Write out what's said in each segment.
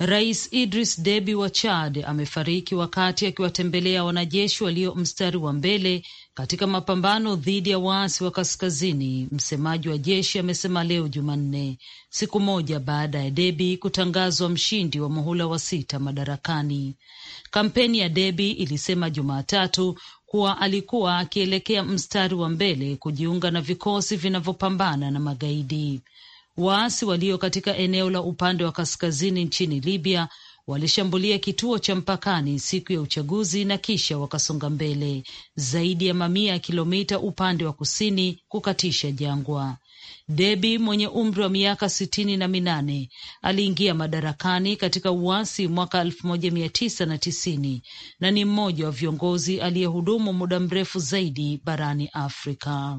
Rais Idris Deby wa Chad amefariki wakati akiwatembelea wanajeshi walio mstari wa mbele katika mapambano dhidi ya waasi wa kaskazini, msemaji wa jeshi amesema leo Jumanne, siku moja baada ya Deby kutangazwa mshindi wa muhula wa sita madarakani. Kampeni ya Deby ilisema Jumatatu kuwa alikuwa akielekea mstari wa mbele kujiunga na vikosi vinavyopambana na magaidi. Waasi walio katika eneo la upande wa kaskazini nchini Libya walishambulia kituo cha mpakani siku ya uchaguzi na kisha wakasonga mbele zaidi ya mamia ya kilomita upande wa kusini kukatisha jangwa. Debi mwenye umri wa miaka sitini na minane aliingia madarakani katika uasi mwaka elfu moja mia tisa na tisini na ni mmoja wa viongozi aliyehudumu muda mrefu zaidi barani Afrika.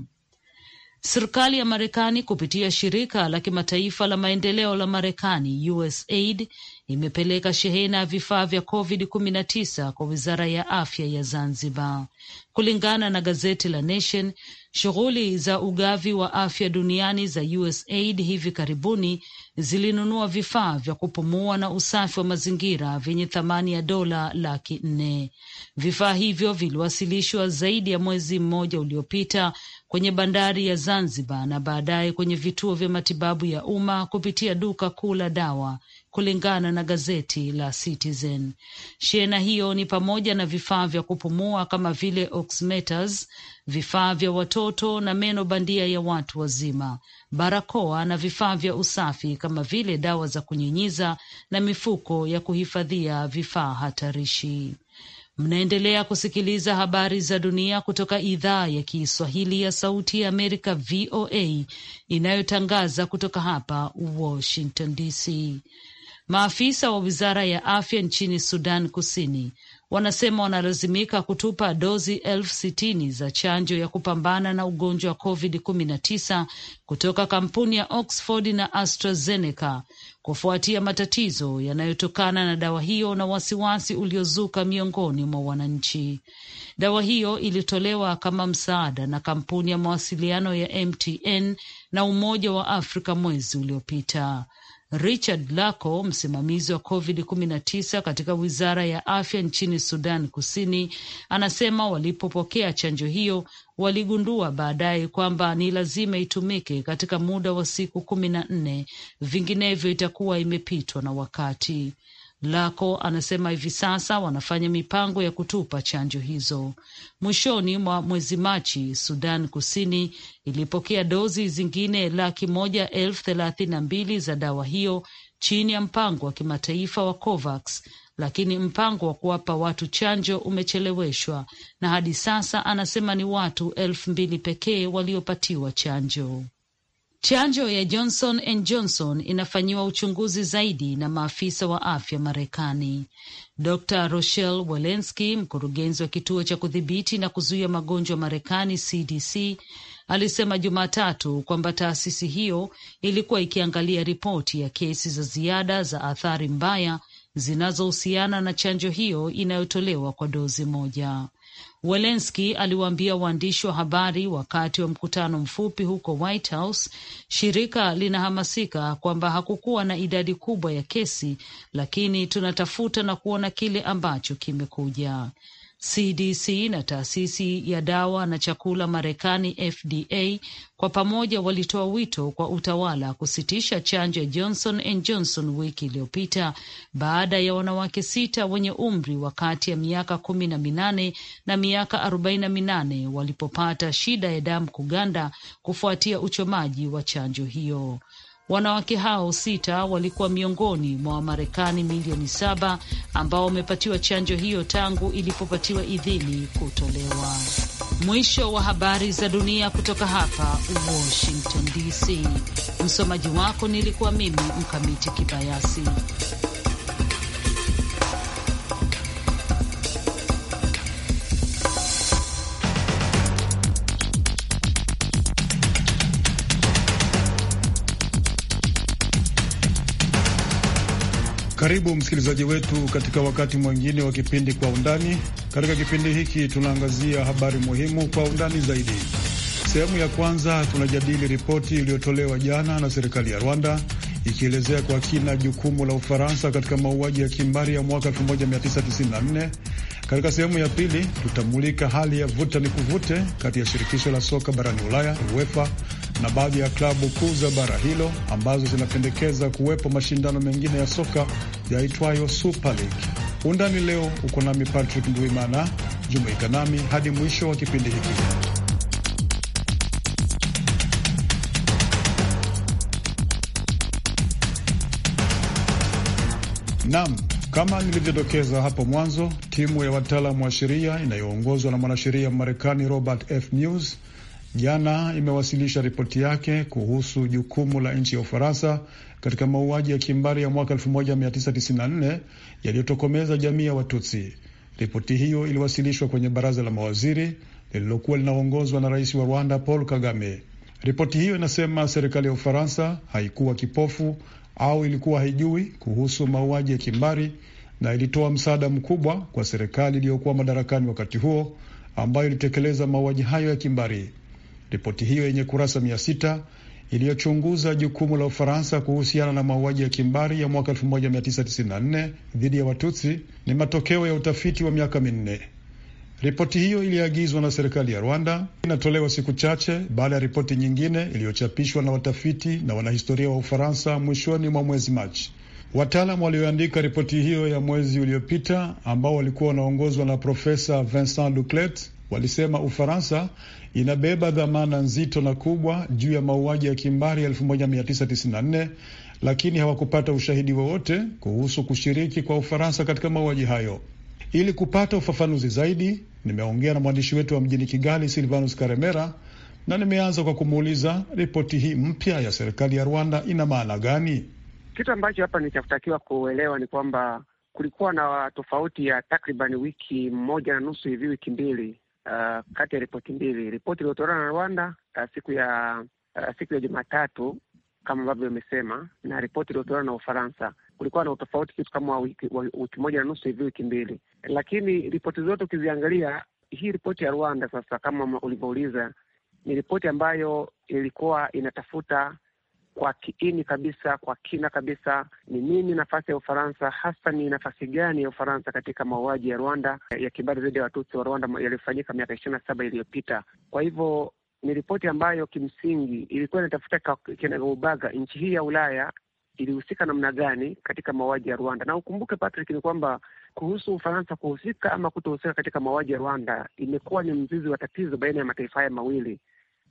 Serikali ya Marekani kupitia shirika la kimataifa la maendeleo la Marekani, USAID, imepeleka shehena ya vifaa vya COVID-19 kwa wizara ya afya ya Zanzibar. Kulingana na gazeti la Nation, shughuli za ugavi wa afya duniani za USAID hivi karibuni zilinunua vifaa vya kupumua na usafi wa mazingira vyenye thamani ya dola laki nne. Vifaa hivyo viliwasilishwa zaidi ya mwezi mmoja uliopita kwenye bandari ya Zanzibar na baadaye kwenye vituo vya matibabu ya umma kupitia duka kuu la dawa, kulingana na gazeti la Citizen. Shehena hiyo ni pamoja na vifaa vya kupumua kama vile oximeters, vifaa vya watoto na meno bandia ya watu wazima, barakoa na vifaa vya usafi kama vile dawa za kunyinyiza na mifuko ya kuhifadhia vifaa hatarishi. Mnaendelea kusikiliza habari za dunia kutoka idhaa ya Kiswahili ya Sauti ya Amerika, VOA, inayotangaza kutoka hapa Washington DC. Maafisa wa wizara ya afya nchini Sudan Kusini wanasema wanalazimika kutupa dozi elfu sitini za chanjo ya kupambana na ugonjwa wa COVID-19 kutoka kampuni ya Oxford na AstraZeneca kufuatia matatizo yanayotokana na dawa hiyo na wasiwasi uliozuka miongoni mwa wananchi. Dawa hiyo ilitolewa kama msaada na kampuni ya mawasiliano ya MTN na Umoja wa Afrika mwezi uliopita. Richard Laco, msimamizi wa COVID-19 katika wizara ya afya nchini Sudan Kusini, anasema walipopokea chanjo hiyo waligundua baadaye kwamba ni lazima itumike katika muda wa siku kumi na nne, vinginevyo itakuwa imepitwa na wakati. Lako anasema hivi sasa wanafanya mipango ya kutupa chanjo hizo. Mwishoni mwa mwezi Machi, Sudan Kusini ilipokea dozi zingine laki moja elfu thelathini na mbili za dawa hiyo chini ya mpango wa kimataifa wa COVAX, lakini mpango wa kuwapa watu chanjo umecheleweshwa na hadi sasa anasema ni watu elfu mbili pekee waliopatiwa chanjo. Chanjo ya Johnson and Johnson inafanyiwa uchunguzi zaidi na maafisa wa afya Marekani. Dr Rochelle Walensky, mkurugenzi wa kituo cha kudhibiti na kuzuia magonjwa Marekani, CDC, alisema Jumatatu kwamba taasisi hiyo ilikuwa ikiangalia ripoti ya kesi za ziada za athari mbaya zinazohusiana na chanjo hiyo inayotolewa kwa dozi moja welenski aliwaambia waandishi wa habari wakati wa mkutano mfupi huko White House. Shirika linahamasika kwamba hakukuwa na idadi kubwa ya kesi, lakini tunatafuta na kuona kile ambacho kimekuja. CDC na taasisi ya dawa na chakula Marekani, FDA, kwa pamoja walitoa wito kwa utawala kusitisha chanjo ya Johnson and Johnson wiki iliyopita baada ya wanawake sita wenye umri wa kati ya miaka kumi na minane na miaka arobaini na minane walipopata shida ya damu kuganda kufuatia uchomaji wa chanjo hiyo. Wanawake hao sita walikuwa miongoni mwa Wamarekani milioni saba ambao wamepatiwa chanjo hiyo tangu ilipopatiwa idhini kutolewa. Mwisho wa habari za dunia kutoka hapa Washington DC. Msomaji wako nilikuwa mimi Mkamiti Kibayasi. Karibu msikilizaji wetu katika wakati mwingine wa kipindi Kwa Undani. Katika kipindi hiki tunaangazia habari muhimu kwa undani zaidi. Sehemu ya kwanza, tunajadili ripoti iliyotolewa jana na serikali ya Rwanda ikielezea kwa kina jukumu la Ufaransa katika mauaji ya kimbari ya mwaka 1994. Katika sehemu ya pili tutamulika hali ya vuta ni kuvute kati ya shirikisho la soka barani Ulaya, UEFA, na baadhi ya klabu kuu za bara hilo ambazo zinapendekeza kuwepo mashindano mengine ya soka yaitwayo Super League. Undani leo uko nami Patrick nduimana Jumuika nami hadi mwisho wa kipindi hiki. Naam, kama nilivyodokeza hapo mwanzo, timu ya wataalamu wa sheria inayoongozwa na mwanasheria Marekani Robert F. Mueller jana imewasilisha ripoti yake kuhusu jukumu la nchi ya Ufaransa katika mauaji ya kimbari ya mwaka 1994 yaliyotokomeza jamii ya Watutsi. Ripoti hiyo iliwasilishwa kwenye baraza la mawaziri lililokuwa linaongozwa na rais wa Rwanda Paul Kagame. Ripoti hiyo inasema serikali ya Ufaransa haikuwa kipofu au ilikuwa haijui kuhusu mauaji ya kimbari na ilitoa msaada mkubwa kwa serikali iliyokuwa madarakani wakati huo ambayo ilitekeleza mauaji hayo ya kimbari. Ripoti hiyo yenye kurasa mia sita iliyochunguza jukumu la Ufaransa kuhusiana na mauaji ya kimbari ya mwaka 1994 dhidi ya Watutsi ni matokeo ya utafiti wa miaka minne. Ripoti hiyo iliagizwa na serikali ya Rwanda, inatolewa siku chache baada ya ripoti nyingine iliyochapishwa na watafiti na wanahistoria wa Ufaransa mwishoni mwa mwezi Machi. Wataalamu walioandika ripoti hiyo ya mwezi uliopita, ambao walikuwa wanaongozwa na Profesa Vincent Duclet walisema Ufaransa inabeba dhamana nzito na kubwa juu ya mauaji ya kimbari ya 1994 lakini hawakupata ushahidi wowote kuhusu kushiriki kwa Ufaransa katika mauaji hayo. Ili kupata ufafanuzi zaidi, nimeongea na mwandishi wetu wa mjini Kigali, Silvanus Karemera, na nimeanza kwa kumuuliza ripoti hii mpya ya serikali ya Rwanda ina maana gani? Kitu ambacho hapa nichatakiwa kuelewa ni kwamba kulikuwa na tofauti ya takribani wiki moja na nusu hivi, wiki mbili uh, kati ya ripoti mbili, ripoti iliyotolewa na Rwanda uh, siku ya uh, siku ya Jumatatu kama ambavyo imesema na ripoti iliyotolewa na Ufaransa, kulikuwa na utofauti kitu kama wiki, wiki moja na nusu hivi, wiki mbili. Lakini ripoti zote ukiziangalia, hii ripoti ya Rwanda sasa, kama ulivyouliza, ni ripoti ambayo ilikuwa inatafuta kwa kiini kabisa, kwa kina kabisa, ni nini nafasi ya Ufaransa, hasa ni nafasi gani ya Ufaransa katika mauaji ya Rwanda ya kimbari dhidi ya Watutsi wa Rwanda yaliyofanyika miaka ishirini na saba iliyopita. Kwa hivyo ni ripoti ambayo kimsingi ilikuwa inatafuta kinagaubaga nchi hii ya Ulaya ilihusika namna gani katika mauaji ya Rwanda. Na ukumbuke Patrick, ni kwamba kuhusu Ufaransa kuhusika ama kutohusika katika mauaji ya Rwanda imekuwa ni mzizi wa tatizo baina ya mataifa haya mawili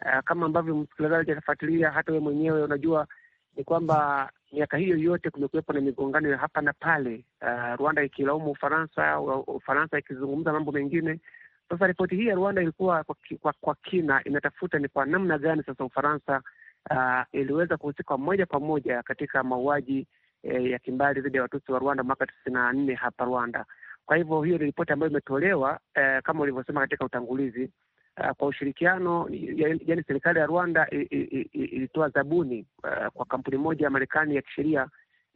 uh, kama ambavyo msikilizaji atafuatilia hata wewe mwenyewe unajua ni kwamba miaka hiyo yote kumekuwepo na migongano ya hapa na pale, uh, Rwanda ikilaumu Ufaransa, Ufaransa ikizungumza mambo mengine. Sasa ripoti hii ya Rwanda ilikuwa kwa, kwa, kwa kina inatafuta ni kwa namna gani sasa Ufaransa uh, iliweza kuhusika moja kwa moja katika mauaji eh, ya kimbali dhidi ya Watusi wa Rwanda mwaka tisini na nne hapa Rwanda. Kwa hivyo hiyo ni ripoti ambayo imetolewa eh, kama ulivyosema katika utangulizi uh, kwa ushirikiano yaani, serikali ya Rwanda ilitoa zabuni uh, kwa kampuni moja ya Marekani ya kisheria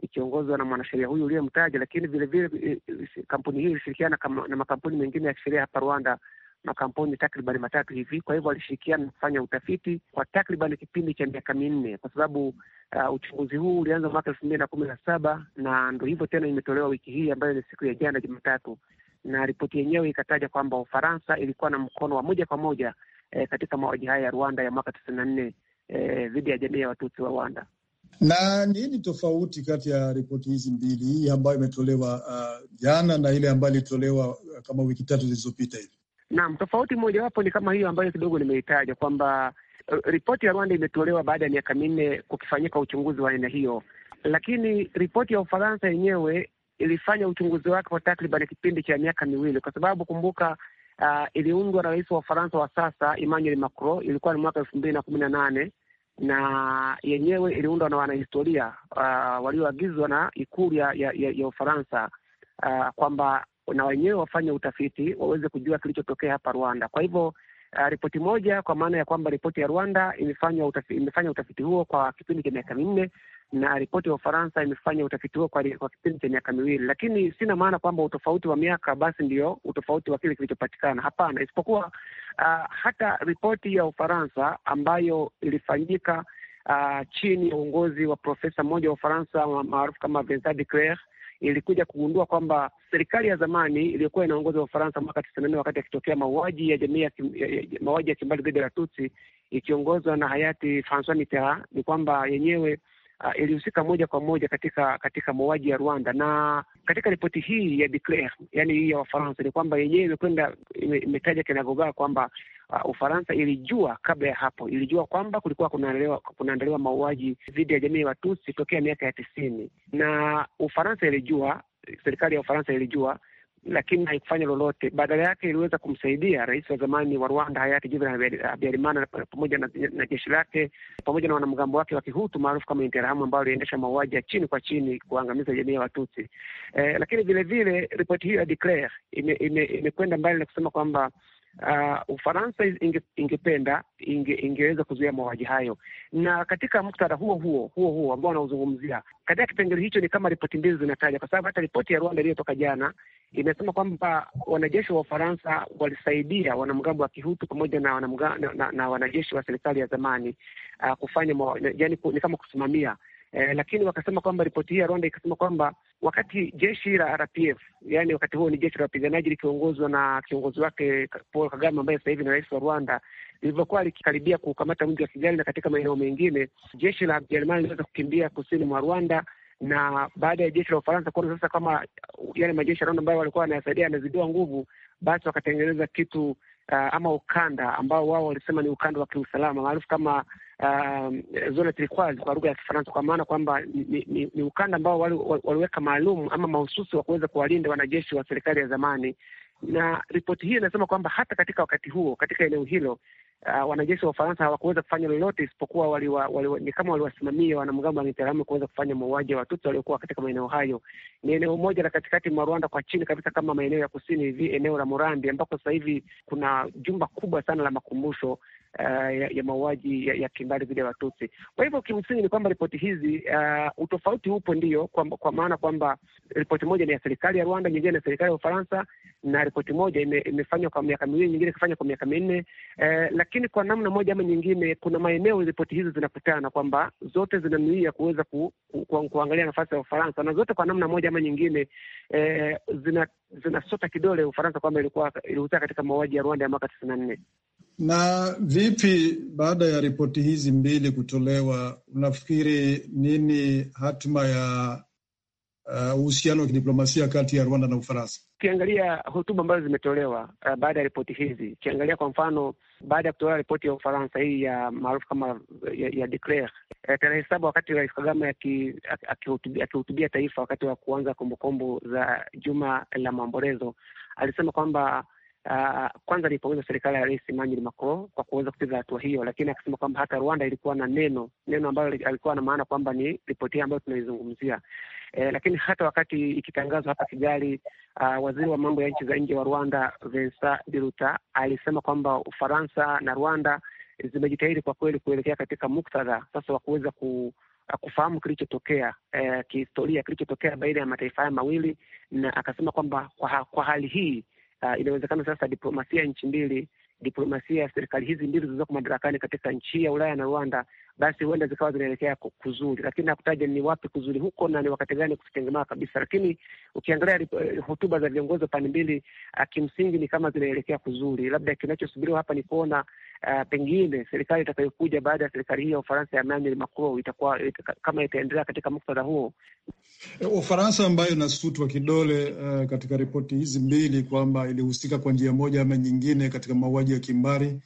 ikiongozwa na mwanasheria huyu uliyemtaja, lakini vilevile eh, kampuni hii ilishirikiana na makampuni mengine ya kisheria hapa Rwanda, makampuni takribani matatu hivi. Kwa hivyo walishirikiana kufanya utafiti kwa takribani kipindi cha miaka minne, kwa sababu uh, uchunguzi huu ulianza mwaka elfu mbili na kumi na saba na ndo hivyo tena imetolewa wiki hii ambayo ni siku ya jana Jumatatu na ripoti yenyewe ikataja kwamba Ufaransa ilikuwa na mkono wa moja kwa moja eh, katika mauaji haya ya Rwanda ya mwaka tisini na nne eh, dhidi ya jamii ya Watutsi wa Rwanda. Na nini tofauti kati ya ripoti hizi mbili, hii ambayo imetolewa ah, jana uh, na ile ambayo ilitolewa ah, kama wiki tatu zilizopita hivi? Naam, tofauti mojawapo ni kama hiyo ambayo kidogo nimeitaja kwamba eh, ripoti ya Rwanda imetolewa baada ya miaka minne kukifanyika uchunguzi wa aina hiyo, lakini ripoti ya Ufaransa yenyewe ilifanya uchunguzi wake kwa takriban kipindi cha miaka miwili, kwa sababu kumbuka, uh, iliundwa na rais wa Ufaransa wa sasa Emmanuel Macron, ilikuwa ni mwaka elfu mbili na kumi na nane na yenyewe iliundwa na wanahistoria uh, walioagizwa na ikulu ya, ya, ya Ufaransa uh, kwamba na wenyewe wafanye utafiti waweze kujua kilichotokea hapa Rwanda. Kwa hivyo uh, ripoti moja kwa maana ya kwamba ripoti ya Rwanda imefanya utafi, imefanya utafiti huo kwa kipindi cha miaka minne na ripoti ya Ufaransa imefanya utafiti huo kwa, kwa kipindi cha miaka miwili, lakini sina maana kwamba utofauti wa miaka basi ndio utofauti wa kile kilichopatikana. Hapana, isipokuwa uh, hata ripoti ya Ufaransa ambayo ilifanyika uh, chini ya uongozi wa profesa mmoja wa Ufaransa maarufu kama Vincent de Clercq ilikuja kugundua kwamba serikali ya zamani iliyokuwa inaongoza Ufaransa mwaka tisini na nne wakati akitokea mauaji ya jamii ya mauaji ya kimbali dhidi ya Tutsi ikiongozwa na hayati Francois Mitterrand, ni kwamba yenyewe uh, ilihusika moja kwa moja katika katika mauaji ya Rwanda, na katika ripoti hii ya Declare, yani hii ya Wafaransa, ni kwamba yenyewe imekwenda imetaja kinagoga kwamba uh, Ufaransa ilijua kabla ya hapo, ilijua kwamba kulikuwa kunaandaliwa mauaji dhidi ya jamii ya Watutsi tokea miaka ya tisini, na Ufaransa ilijua serikali ya Ufaransa ilijua, lakini haikufanya lolote. Badala yake iliweza kumsaidia rais wa zamani wa Rwanda hayati Juvenal Habyarimana pamoja na, na jeshi lake pamoja na wanamgambo wake wa Kihutu maarufu kama Interahamwe ambao waliendesha mauaji ya chini kwa chini kuangamiza jamii ya Watutsi. Eh, lakini vilevile ripoti hiyo ya Declare imekwenda ime, ime mbali na kusema kwamba uh, Ufaransa inge, ingependa inge, ingeweza kuzuia mauaji hayo. Na katika muktadha huo huo huo huo ambao wanauzungumzia katika kipengele hicho, ni kama ripoti mbili zinataja, kwa sababu hata ripoti ya Rwanda iliyotoka jana imesema kwamba wanajeshi wa Ufaransa walisaidia wanamgambo wa Kihutu pamoja na, na, na, na wanajeshi wa serikali ya zamani uh, kufanya ni kama kusimamia eh, lakini wakasema kwamba ripoti hii ya Rwanda ikasema kwamba wakati jeshi la RPF, yani wakati huo ni jeshi la wapiganaji likiongozwa na kiongozi wake Paul Kagame ambaye sasa hivi ni rais wa Rwanda, lilivyokuwa likikaribia kukamata mji wa Kigali na katika maeneo mengine, jeshi la Jerumani liliweza kukimbia kusini mwa Rwanda na baada ya jeshi la Ufaransa kuona sasa kama uh, yale majeshi ya Rwanda ambayo walikuwa wanayasaidia yanazidiwa nguvu, basi wakatengeneza kitu uh, ama ukanda ambao wao walisema ni ukanda wa kiusalama maarufu kama uh, um, zone kwa lugha ya Kifaransa, kwa maana kwamba ni, ni, ni ukanda ambao waliweka maalum ama mahususi wa kuweza kuwalinda wanajeshi wa serikali ya zamani, na ripoti hii inasema kwamba hata katika wakati huo katika eneo hilo Uh, wanajeshi wa Ufaransa hawakuweza kufanya lolote isipokuwa wali wa, ni kama waliwasimamia wanamgambo wa Interahamwe kuweza kufanya mauaji ya Watusi waliokuwa katika maeneo hayo. Ni eneo moja la katikati mwa Rwanda kwa chini kabisa kama maeneo ya kusini hivi, eneo la Murambi ambako sasa hivi kuna jumba kubwa sana la makumbusho uh, ya, ya mauaji ya, ya kimbari dhidi ya Watusi. Kwa hivyo kimsingi ni kwamba ripoti hizi uh, utofauti upo ndio, kwa, kwa maana kwamba ripoti moja ni ya serikali ya Rwanda, nyingine ni serikali ya Ufaransa, na ripoti moja ime, imefanywa kwa miaka miwili, nyingine ikafanywa kwa miaka minne uh, lakini kwa namna moja ama nyingine kuna maeneo ripoti hizi zinakutana kwamba zote zinanuia kuweza ku, ku, ku, kuangalia nafasi ya Ufaransa na zote kwa namna moja ama nyingine eh, zinasota zina kidole Ufaransa kwamba ilikuwa ilihusika katika mauaji ya Rwanda ya mwaka tisini na nne. Na vipi baada ya ripoti hizi mbili kutolewa, unafikiri nini hatima ya uh, uhusiano wa kidiplomasia kati ya Rwanda na Ufaransa? Ukiangalia hotuba ambazo zimetolewa uh, baada ya ripoti hizi, ukiangalia kwa mfano, baada ya kutolewa ripoti ya Ufaransa hii ya maarufu kama ya, ya Declare uh, tarehe saba, wakati Rais Kagame akihutubia taifa wakati wa kuanza kombokombo za juma la maombolezo, alisema kwamba Uh, kwanza alipongeza serikali ya Rais Emmanuel Macron kwa kuweza kupiga hatua hiyo, lakini akasema kwamba hata Rwanda ilikuwa na neno neno ambalo alikuwa na maana kwamba ni ripoti ambayo tunaizungumzia. Eh, lakini hata wakati ikitangazwa hapa Kigali, uh, waziri wa mambo ya nchi za nje wa Rwanda Vincent Biruta alisema kwamba Ufaransa na Rwanda zimejitahidi kwa kweli kuelekea katika muktadha sasa wa kuweza ku ah, kufahamu kilichotokea eh, kihistoria kilichotokea baina ya mataifa haya mawili, na akasema kwamba kwa, kwa hali hii uh, inawezekana sasa diplomasia ya nchi mbili, diplomasia ya serikali hizi mbili zilizoko madarakani katika nchi ya Ulaya na Rwanda, basi huenda zikawa zinaelekea kuzuri, lakini nakutaja ni wapi kuzuri huko na ni wakati gani kutengemaa kabisa. Lakini ukiangalia eh, hotuba za viongozi wa pande mbili, uh, kimsingi ni kama zinaelekea kuzuri. Labda kinachosubiriwa hapa ni kuona uh, pengine serikali itakayokuja baada ya serikali hii ya Ufaransa ya Emmanuel Macron itakuwa ita, kama itaendelea katika muktadha huo. E, Ufaransa ambayo inasutwa kidole uh, katika ripoti hizi mbili kwamba ilihusika kwa njia moja ama nyingine katika mauaji ya kimbari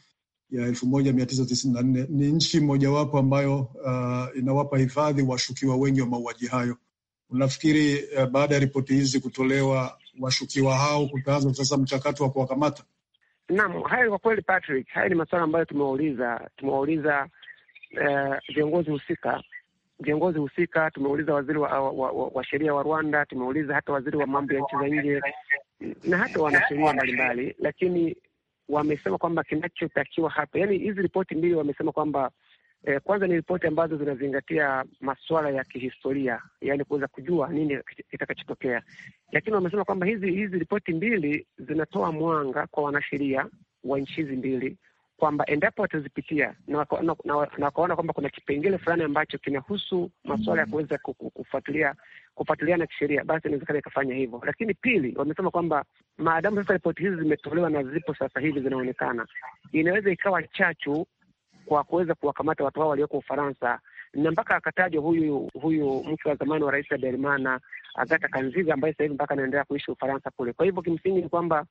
ya elfu moja mia tisa tisini na nne ni nchi mojawapo ambayo uh, inawapa hifadhi washukiwa wengi wa mauaji hayo. Unafikiri uh, baada ya ripoti hizi kutolewa, washukiwa hao kutaanza sasa mchakato wa kuwakamata? Naam, hayo kwa kweli Patrick, haya ni masuala ambayo tumewauliza tumewauliza eh, viongozi husika viongozi husika. Tumeuliza waziri wa, wa, wa, wa, wa sheria wa Rwanda, tumeuliza hata waziri wa mambo ya nchi za nje na hata wanasheria mbalimbali, lakini wamesema kwamba kinachotakiwa hapa, yani hizi ripoti mbili wamesema kwamba E, kwanza ni ripoti ambazo zinazingatia masuala ya kihistoria, yani kuweza kujua nini kitakachotokea, lakini wamesema kwamba hizi hizi ripoti mbili zinatoa mwanga kwa wanasheria wa nchi hizi mbili kwamba endapo watazipitia na wakaona kwamba kuna kipengele fulani ambacho kinahusu masuala ya kuweza kufuatilia kufuatiliana kisheria, basi inawezekana ikafanya hivyo. Lakini pili, wamesema kwamba maadamu sasa ripoti hizi zimetolewa na zipo sasa hivi zinaonekana, inaweza ikawa chachu kwa kuweza kuwakamata watu hao walioko Ufaransa, na mpaka akatajwa huyu huyu mke wa zamani wa rais wa Habyarimana Agata Kanziza ambaye sasa hivi mpaka anaendelea kuishi Ufaransa kule. Kwa hivyo kimsingi ni kwamba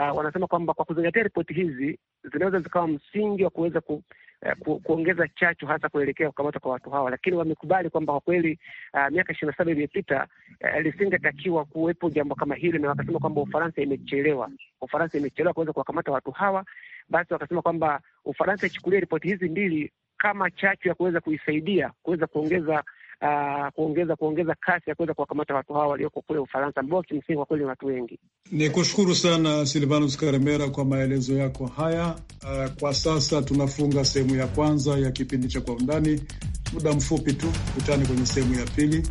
uh, wanasema kwamba kwa kuzingatia ripoti hizi zinaweza zikawa msingi wa kuweza ku, uh, ku, kuongeza chachu hasa kuelekea kukamata kwa watu hawa, lakini wamekubali kwamba kwa kweli uh, miaka ishirini na saba iliyopita uh, lisingetakiwa kuwepo jambo kama hili, na wakasema kwamba Ufaransa imechelewa, Ufaransa imechelewa kuweza kuwakamata watu hawa. Basi wakasema kwamba Ufaransa ichukulia ripoti hizi mbili kama chachu ya kuweza kuisaidia kuweza kuongeza Uh, kuongeza kuongeza kasi ya kuweza kuwakamata watu hawa walioko kule Ufaransa ambao kimsingi kwa kweli ni watu wengi. Ni kushukuru sana Silvanus Karemera kwa maelezo yako haya. Uh, kwa sasa tunafunga sehemu ya kwanza ya kipindi cha Kwa Undani. Muda mfupi tu kutani kwenye sehemu ya pili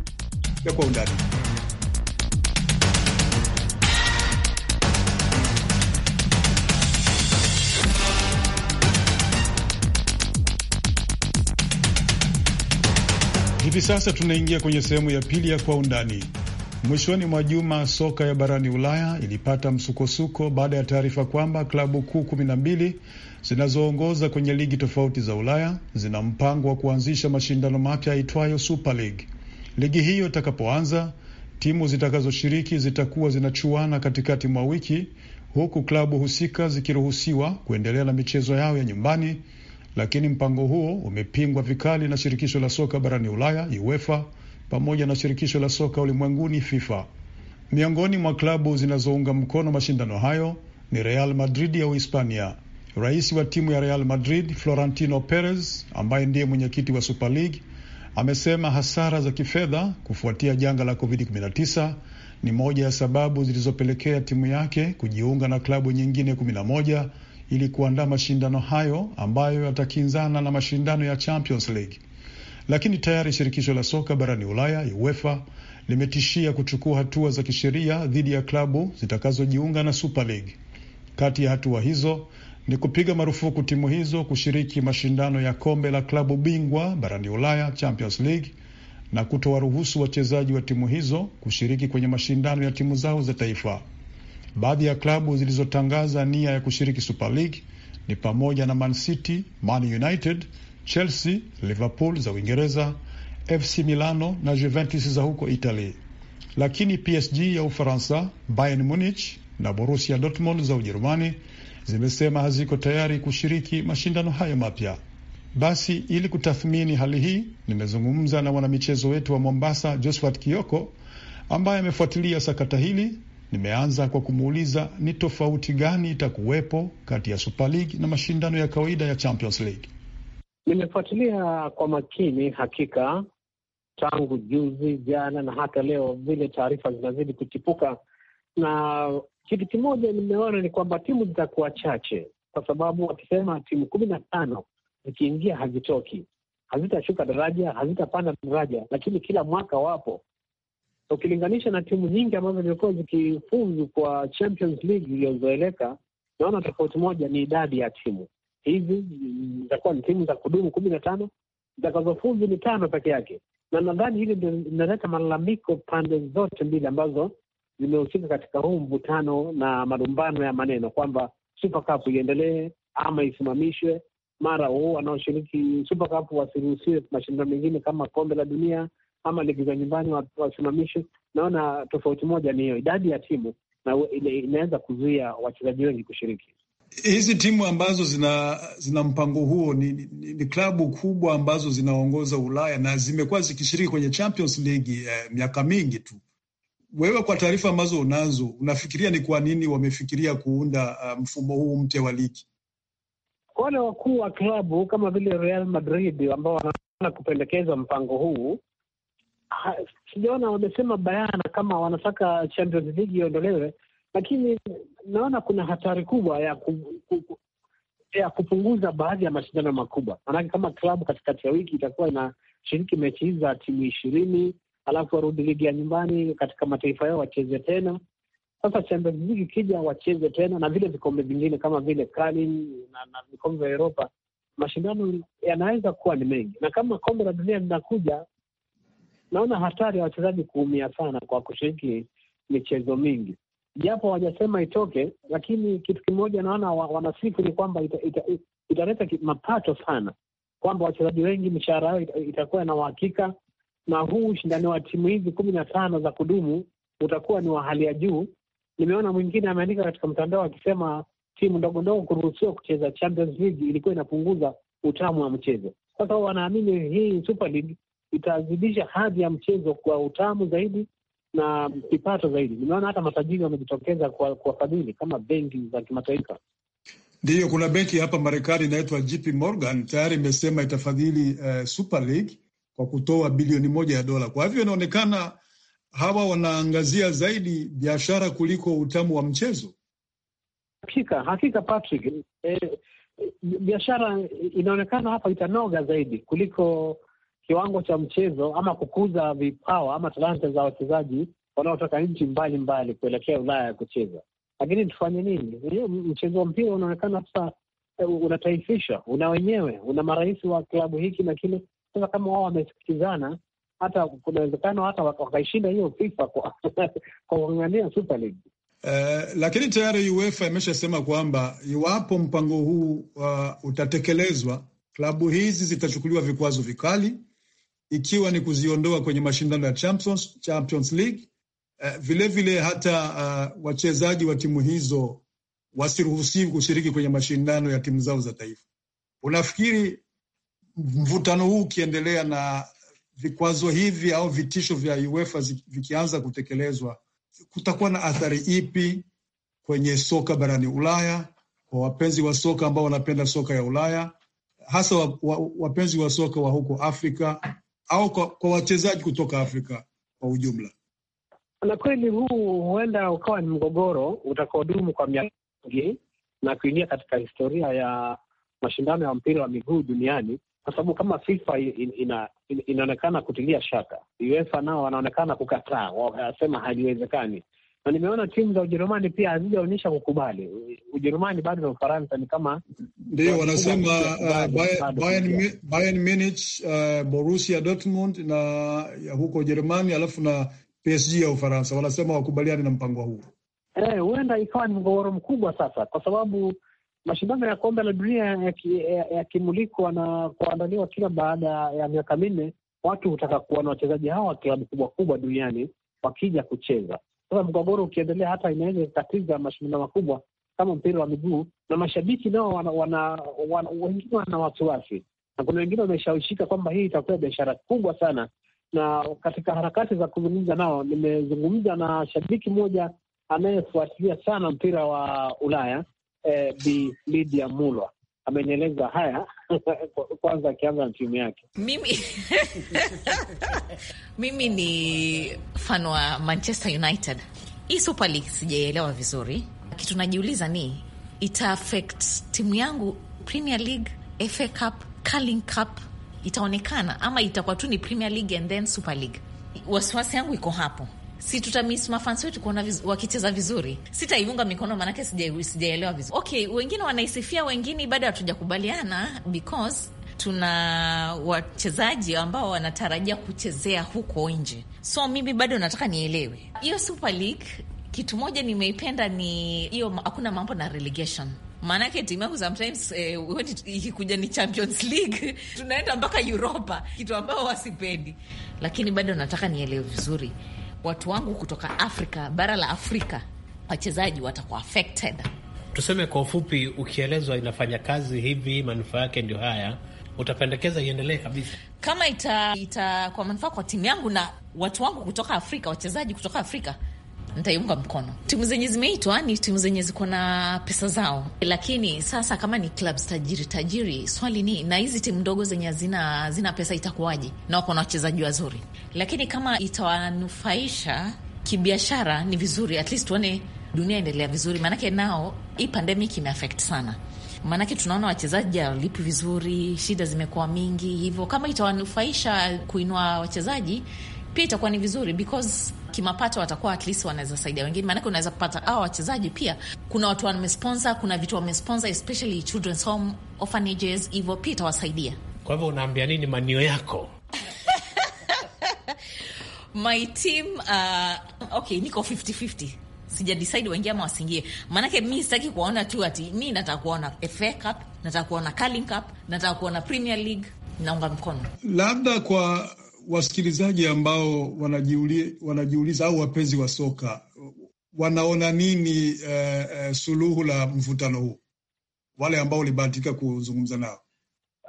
ya Kwa Undani. Hivi sasa tunaingia kwenye sehemu ya pili ya kwa undani. Mwishoni mwa juma soka ya barani Ulaya ilipata msukosuko baada ya taarifa kwamba klabu kuu kumi na mbili zinazoongoza kwenye ligi tofauti za Ulaya zina mpango wa kuanzisha mashindano mapya yaitwayo Super League. Ligi hiyo itakapoanza, timu zitakazoshiriki zitakuwa zinachuana katikati mwa wiki, huku klabu husika zikiruhusiwa kuendelea na michezo yao ya nyumbani lakini mpango huo umepingwa vikali na shirikisho la soka barani Ulaya, UEFA, pamoja na shirikisho la soka ulimwenguni, FIFA. Miongoni mwa klabu zinazounga mkono mashindano hayo ni Real Madrid ya Uhispania. Rais wa timu ya Real Madrid Florentino Perez, ambaye ndiye mwenyekiti wa Super League, amesema hasara za kifedha kufuatia janga la COVID-19 ni moja ya sababu zilizopelekea timu yake kujiunga na klabu nyingine 11 ili kuandaa mashindano hayo ambayo yatakinzana na mashindano ya Champions League. Lakini tayari shirikisho la soka barani Ulaya, UEFA, limetishia kuchukua hatua za kisheria dhidi ya klabu zitakazojiunga na Super League. Kati ya hatua hizo ni kupiga marufuku timu hizo kushiriki mashindano ya kombe la klabu bingwa barani Ulaya, Champions League, na kutowaruhusu wachezaji wa timu hizo kushiriki kwenye mashindano ya timu zao za taifa. Baadhi ya klabu zilizotangaza nia ya kushiriki Super League ni pamoja na Man City, Man United, Chelsea, Liverpool za Uingereza, FC Milano na Juventus za huko Italy, lakini PSG ya Ufaransa, Bayern Munich na Borussia Dortmund za Ujerumani zimesema haziko tayari kushiriki mashindano hayo mapya. Basi ili kutathmini hali hii, nimezungumza na mwanamichezo wetu wa Mombasa, Josephat Kioko, ambaye amefuatilia sakata hili Nimeanza kwa kumuuliza ni tofauti gani itakuwepo kati ya Super League na mashindano ya kawaida ya Champions League. Nimefuatilia kwa makini hakika, tangu juzi, jana na hata leo, vile taarifa zinazidi kuchipuka, na kitu kimoja nimeona ni kwamba timu zitakuwa chache, kwa sababu wakisema timu kumi na tano zikiingia hazitoki, hazitashuka daraja, hazitapanda daraja, lakini kila mwaka wapo ukilinganisha na timu nyingi ambazo zimekuwa zikifuzu kwa Champions League iliyozoeleka, naona tofauti moja ni idadi ya timu hizi. Zitakuwa ni timu za kudumu kumi na tano zitakazofuzu ni tano peke yake, na nadhani hili ndio linaleta malalamiko pande zote mbili ambazo zimehusika katika huu mvutano na malumbano ya maneno kwamba Super Cup iendelee ama isimamishwe, mara huu wanaoshiriki Super Cup wasiruhusiwe mashindano mengine kama kombe la dunia ama ligi za nyumbani wasimamishe. Naona tofauti moja ni hiyo, idadi ya timu na inaweza kuzuia wachezaji wengi kushiriki. Hizi timu ambazo zina zina mpango huo ni, ni, ni klabu kubwa ambazo zinaongoza Ulaya na zimekuwa zikishiriki kwenye Champions League eh, miaka mingi tu. Wewe kwa taarifa ambazo unazo, unafikiria ni kwa nini wamefikiria kuunda uh, mfumo huu mpya wa ligi? Wale wakuu wa klabu kama vile Real Madrid ambao wanaona kupendekeza mpango huu Ah, sijaona wamesema bayana kama wanataka Champions League iondolewe, lakini naona kuna hatari kubwa ya ku, ku, ku, ya kupunguza baadhi ya mashindano makubwa, maanake kama klabu katikati ya wiki itakuwa inashiriki mechi hizi za timu ishirini alafu warudi ligi ya nyumbani katika mataifa yao wacheze tena. Sasa Champions League ikija wacheze tena na vile vikombe vingine kama vile Carling na, na vikombe vya Europa, mashindano yanaweza kuwa ni mengi, na kama kombe la dunia linakuja naona hatari ya wachezaji kuumia sana kwa kushiriki michezo mingi, japo wajasema itoke, lakini kitu kimoja naona wanasifu ni kwamba italeta ita, ita, ita mapato sana, kwamba wachezaji wengi mishahara yao itakuwa ita na uhakika, na huu ushindani wa timu hizi kumi na tano za kudumu utakuwa ni wa hali ya juu. Nimeona mwingine ameandika katika mtandao akisema timu ndogo ndogo kuruhusiwa kucheza Champions League ilikuwa inapunguza utamu wa mchezo. Sasa wanaamini hii Super League itazidisha hadhi ya mchezo kwa utamu zaidi na kipato zaidi. Nimeona hata matajiri wamejitokeza kuwafadhili kama benki za kimataifa. Ndiyo, kuna benki hapa Marekani inaitwa JP Morgan tayari imesema itafadhili uh, Super League kwa kutoa bilioni moja ya dola. Kwa hivyo inaonekana hawa wanaangazia zaidi biashara kuliko utamu wa mchezo. Hakika hakika, Patrick, eh, biashara inaonekana hapa itanoga zaidi kuliko kiwango cha mchezo ama kukuza vipawa ama talanta za wachezaji wanaotoka nchi mbalimbali kuelekea Ulaya ya kucheza. Lakini tufanye nini? Mchezo wa mpira unaonekana sasa eh, unataifishwa, una wenyewe, una marais wa klabu hiki na kile. Sasa kama wao wamesikizana, hata kuna uwezekano hata wakaishinda hiyo FIFA kwa kung'ang'ania Super League. Uh, lakini tayari UEFA imeshasema kwamba iwapo mpango huu uh, utatekelezwa, klabu hizi zitachukuliwa vikwazo vikali ikiwa ni kuziondoa kwenye mashindano ya Champions, Champions League vilevile eh, uh, vile hata uh, wachezaji wa timu hizo wasiruhusiwi kushiriki kwenye mashindano ya timu zao za taifa. Unafikiri mvutano huu ukiendelea na vikwazo hivi au vitisho vya UEFA vikianza kutekelezwa, kutakuwa na athari ipi kwenye soka barani Ulaya, kwa wapenzi wa soka ambao wanapenda soka ya Ulaya, hasa wapenzi wa soka wa huko Afrika au kwa, kwa wachezaji kutoka Afrika kwa ujumla? Na kweli huu huenda ukawa ni mgogoro utakaodumu kwa miaka mingi na kuingia katika historia ya mashindano ya mpira wa miguu duniani, kwa sababu kama FIFA in, ina, in, inaonekana kutilia shaka, UEFA nao wanaonekana kukataa, wanasema haliwezekani na nimeona timu za Ujerumani pia hazijaonyesha kukubali. Ujerumani bado na Ufaransa ni kama ndio wanasema uh, Bayern Munich, uh, Borussia Dortmund na ya huko Ujerumani, alafu na PSG ya Ufaransa, wanasema wakubaliani na mpango huo eh, Huenda eh, ikawa ni mgogoro mkubwa sasa, kwa sababu mashindano ya kombe la dunia yakimulikwa ya, ya na kuandaliwa kila baada ya miaka minne, watu hutaka kuwa na wachezaji hawa wa klabu kubwa kubwa duniani wakija kucheza sasa mgogoro ukiendelea, hata inaweza ikatatiza mashindano makubwa kama mpira wa miguu, na mashabiki nao wengine wana wasiwasi, na kuna wengine wameshawishika kwamba hii itakuwa biashara kubwa sana. Na katika harakati za kuzungumza nao, nimezungumza na shabiki mmoja anayefuatilia sana mpira wa Ulaya, eh, Bi Lidia Mulwa amenieleza haya kwanza, akianza na timu yake. Mimi mimi ni mfano wa Manchester United. Hii Super League sijaielewa vizuri, kitu najiuliza ni ita affect timu yangu Premier League, FA Cup, Carling Cup itaonekana ama itakuwa tu ni Premier League and then Super League? Wasiwasi yangu iko hapo si tutamiss mafans wetu kuona wakicheza vizuri. Sitaiunga mikono maanake sijaelewa vizuri. Okay, wengine wanaisifia, wengine bado hatujakubaliana because tuna wachezaji ambao wanatarajia kuchezea huko nje, so mimi bado nataka nielewe hiyo Super League. Kitu moja nimeipenda ni hiyo, hakuna mambo na relegation maanake timu yangu sometimes eh, ni Champions League tunaenda mpaka Europa, kitu ambao wasipendi, lakini bado nataka nielewe vizuri watu wangu kutoka Afrika, bara la Afrika, wachezaji watakuwa affected. Tuseme kwa ufupi, ukielezwa inafanya kazi hivi, manufaa yake ndio haya, utapendekeza iendelee kabisa kama ita, ita kwa manufaa kwa timu yangu na watu wangu kutoka Afrika, wachezaji kutoka Afrika nitaiunga mkono. Timu zenye zimeitwa ni timu zenye ziko na pesa zao, lakini sasa kama ni clubs tajiri tajiri, swali ni na hizi timu ndogo zenye hazina zina pesa itakuwaje? Na wako na wachezaji wazuri, lakini kama itawanufaisha kibiashara ni vizuri, at least tuone dunia endelea vizuri, maanake nao hii pandemic imeaffect sana maanake tunaona wachezaji hawalipi vizuri, shida zimekuwa mingi. Hivyo kama itawanufaisha kuinua wachezaji, pia itakuwa ni vizuri because kimapato watakuwa at least wanaweza saidia wengine, maanake unaweza kupata hawa wachezaji pia, kuna watu wamesponsor, kuna vitu wamesponsor, especially children's home, orphanages, hivyo pia itawasaidia. Kwa hivyo unaambia nini manio yako? My team, uh, okay, niko 50-50 sija decide waingie ama wasingie, maanake mi sitaki kuwaona tu ati mi nataka kuwaona FA Cup, nataka kuwaona Carling Cup, nataka kuwaona Premier League. Naunga mkono labda kwa wasikilizaji ambao wanajiuliza, wanajiuliza au wapenzi wa soka wanaona nini eh, eh, suluhu la mvutano huu, wale ambao ulibahatika kuzungumza nao?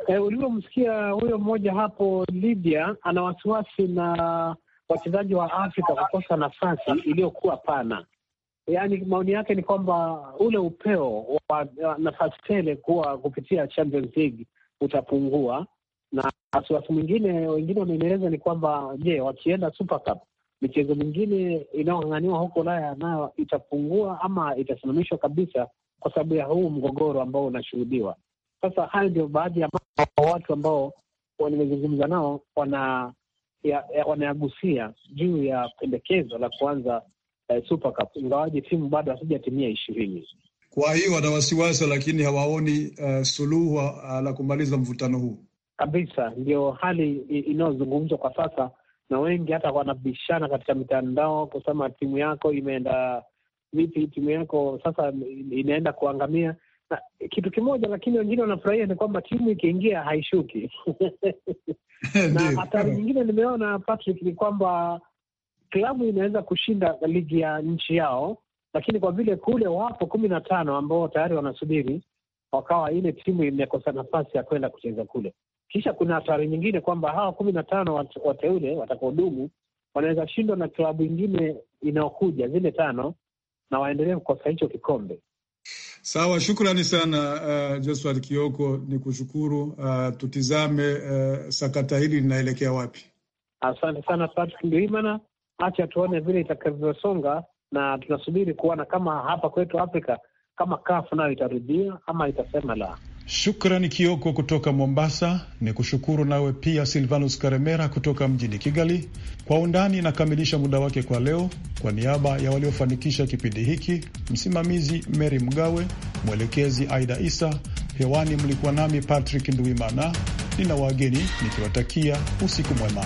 Eh, ulivyomsikia huyo mmoja hapo Libya ana wasiwasi na wachezaji wa Afrika kukosa nafasi iliyokuwa pana. Yaani, maoni yake ni kwamba ule upeo wa nafasi tele kuwa kupitia Champions League utapungua, na wasiwasi mwingine wengine wamenieleza ni kwamba je, wakienda Super Cup michezo mingine inayong'ang'aniwa huko Ulaya nayo itapungua ama itasimamishwa kabisa kwa sababu ya huu mgogoro ambao unashuhudiwa sasa. Hayo ndio baadhi ya watu ambao nimezungumza nao wana ya, ya, wanayagusia juu ya pendekezo la kuanza eh, Super Cup, timu bado hasijatimia ishirini. Kwa hiyo wana wasiwasi, lakini hawaoni uh, suluhu uh, la kumaliza mvutano huu kabisa, ndio hali inayozungumzwa kwa sasa, na wengi hata wanabishana katika mitandao kusema timu yako imeenda vipi, timu yako sasa inaenda kuangamia. Na kitu kimoja lakini wengine wanafurahia ni kwamba timu ikiingia haishuki na hatari nyingine nimeona Patrick ni kwamba klabu inaweza kushinda ligi ya nchi yao, lakini kwa vile kule wapo kumi na tano ambao tayari wanasubiri, wakawa ile timu imekosa nafasi ya kwenda kucheza kule. Kisha kuna hatari nyingine kwamba hawa kumi na tano wateule watakaodumu wanaweza shindwa na klabu ingine inayokuja zile tano na waendelee kukosa hicho kikombe. Sawa, shukrani sana uh, Joshua Kioko, ni kushukuru uh, tutizame uh, sakata hili linaelekea wapi. Asante sana Patrick Ndwimana, acha tuone vile itakavyosonga, na tunasubiri kuona kama hapa kwetu Afrika kama kafu nayo itarudia ama itasema la. Shukrani Kioko kutoka Mombasa. Ni kushukuru nawe pia Silvanus Karemera kutoka mjini Kigali. Kwa Undani inakamilisha muda wake kwa leo. Kwa niaba ya waliofanikisha kipindi hiki, msimamizi Meri Mgawe, mwelekezi Aida Isa, hewani mlikuwa nami Patrick Nduimana, nina wageni nikiwatakia usiku mwema.